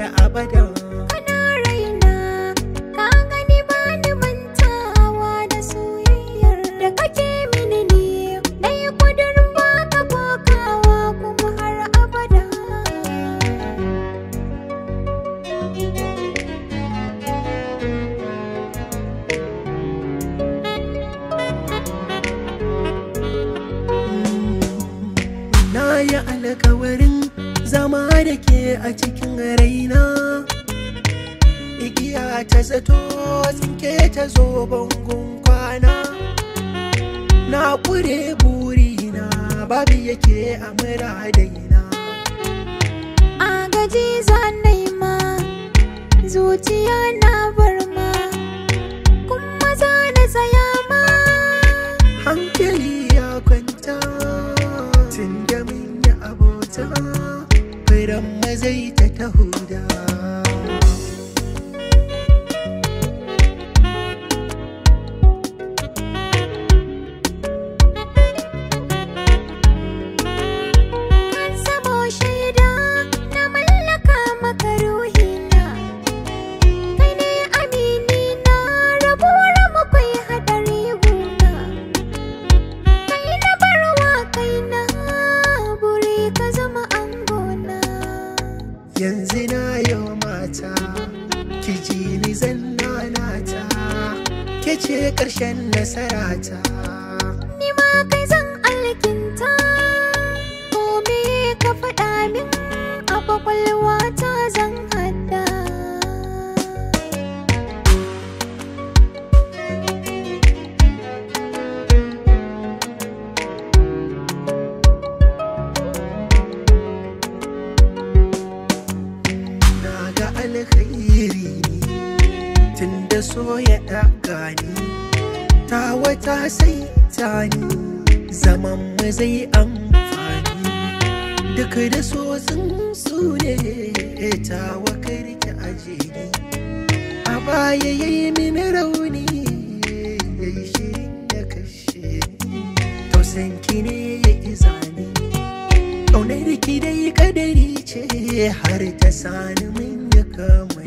har abada. kana raina ka gani ba ni mantawa da soyayyar da kake mini ne na yi kudurin baka kokawa kuma har abada na yi alkawarin zama da ke a cikin raina igiya ta zato tsinke ta zo bangon kwana na kure burina babu yake a muradaina a gaji zanai ma zuciya na barma kuma maza na tsaya ma hankali ya kwanta tun da mun abota auren mazai ta huda ki ji ni zannana ta ke ce ƙarshen nasara ta ni ma kai zan alkinta gobe ka faɗa min a kwakwalwa ta zan hada na ga alkhai. so ta wata sai ta ni zaman mu zai amfani duk da so sun su ne ta wakar ki aje ni a baya yayi min rauni yayi shirin ya kashe ni san ki ne ya iza ni ƙaunar ki dai kadari ce har ta sani min ya kama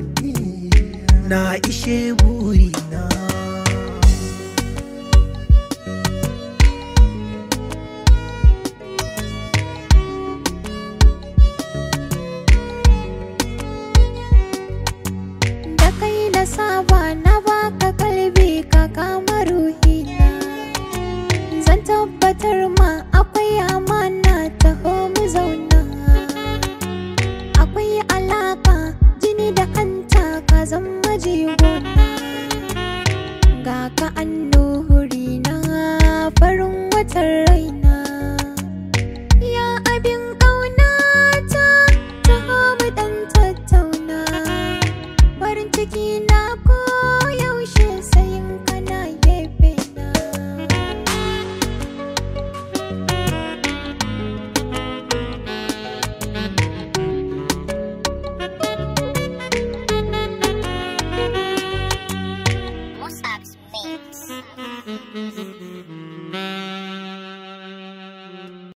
na ishe burina da kai na saba na baka kalbi ka kama ruhina zan tabbatar daji gona ga ka annuhuri na farin watan raina